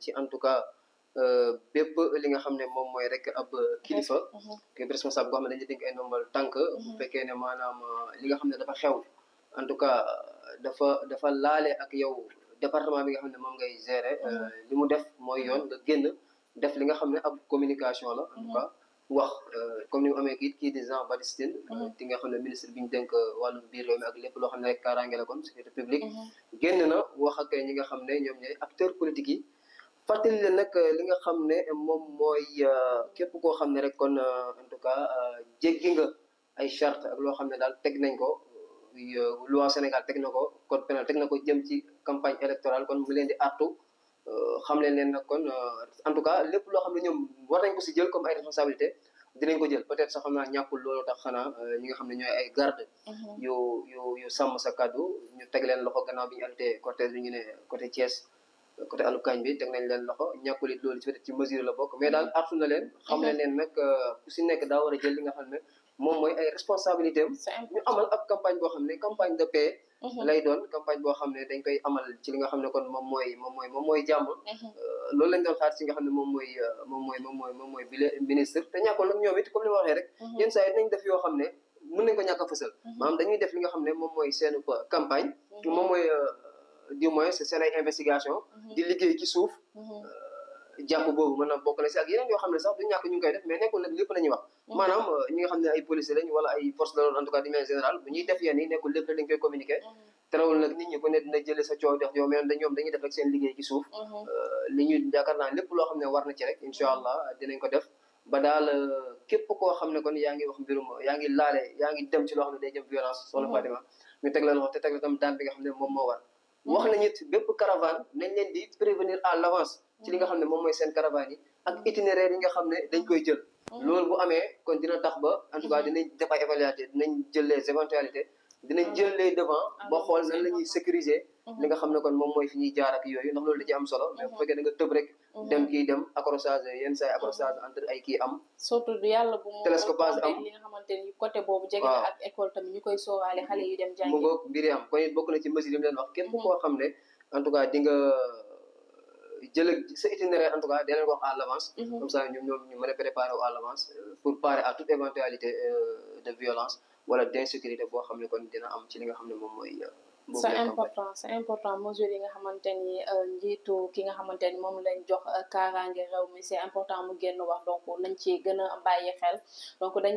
ci en tout cas euh, bépp li nga xam ne moom mooy rek ab kilifa. képp responsable boo xam ne dañuy dénk ay nombal tànk. bu mhm. fekkee ne maanaam euh, li nga xam ne dafa xew. en tout cas euh, dafa dafa laale ak yow département bi nga xam ne moom ngay gérer. Mhm. li mu def mooy yoon nga génn def li nga xam ne ab communication la. en tout mhm. cas wax comme ni mu ki kii kii di Jean Baptiste Tine. nga xam ne ministre bi ñu dénk wàllum biir réew mi ak lépp loo xam ne rek kaaraange la kon sécurité publique. na wax ak ñi nga xam ne ñoom ñooy acteurs politiques yi. fàttali leen nag euh, li nga xam ne moom mooy euh, képp koo xam ne rek kon euh, en tout cas jéggi nga ay charte ak loo xam ne daal teg nañ ko loi Sénégal teg na ko code pénal teg na ko jëm ci campagne électorale kon mu leen di artu xam leen leen na kon en tout cas lépp loo xam ne ñoom war nañ ko si jël comme ay responsabilité dinañ ko jël peut-être sax xam naa ñàkkul loolu tax xanaa ñi nga xam ne ñooy ay garde mhm. yu yu yu sàmm sa kàddu ñu teg leen loxo gannaaw bi ñu arrêté cortège bi ñu ne côté Thiès côté alukañ bi teg nañ leen a nga xam ne moom mooy ay responsabilité am ñu amal xam ne campagne de mhm. doon campagne boo xam ne dañ koy amal ci li nga xam ne kon moom mooy moom mooy moom mooy jàmm mhm. euh, loolu lañ doon xaar si nga xam ne euh, moom mooy moom mooy moom mooy moom mooy bile ministre te ñàkkul nag ñoom mhm. def yoo xam ne mën nañ ko ñàkk a fësal maanaam li nga xam ne moom mooy seen campagne moom euh, du moins seen ay investigation mhm. di liggéey ci suuf mhm. euh, jàpp boobu mën na bokk na si ak yeneen yoo xam ne sax du ñàkk ñu ngi koy def mais nekkul nag lépp la ñuy wax mhm. maanaam euh, ñi rek euh, lépp loo xam ne war na ci rek incha allah dinañ ko def ba daal képp koo xam ne kon yaa ngi wax mbirum yaa ngi laale yaa ngi dem ci loo xam ne day jëm violence soxla Fatima ñu teg la loxo te teg la tam daan bi nga xam ne moom moo war wax nañu it bépp caravane nañ leen di prévenir à l'avance ci li nga xam ne moom mooy seen caravane yi ak itinéraire yi nga xam ne dañ koy jël mm. loolu bu amee kon dina tax ba en tout cas dinañ def ay évaluation dinañ jël les éventualités dinañ ah. jël les devant ah, ba xool nan la ñuy sécuriser mhm. li nga xam ne kon moom mooy fi ñuy jaar yooyu ndax loolu da ci am solo mais bu mhm. fekkee nga tëb rek mhm. dem kii dem accrochage yenn saa yi accrochage ay kii am surtout yàlla bu mu télescopage am li nga côté boobu jege na ak école tamit ñu koy soowaale xale yu dem jàngi mu ngoog mbiri am kon it bokk na ci mesure yi mu leen koo xam ne en tout cas di euh, jël sa en tout cas dinañ l' avance. comme ça ñoom ñu mën a préparer wu à euh, pour parer à toute éventualité euh, de violence wala d'insécurité boo xam ne kon dina am ci li nga xam ne moom mooy. Euh, c'est important c'est important mesures yi nga xamante ni euh, njiitu ki nga xamante ni moom lañ jox euh, kaaraange réew mi c'est important mu génn wax donc nañ ci gën a bàyyi xel donc dañ.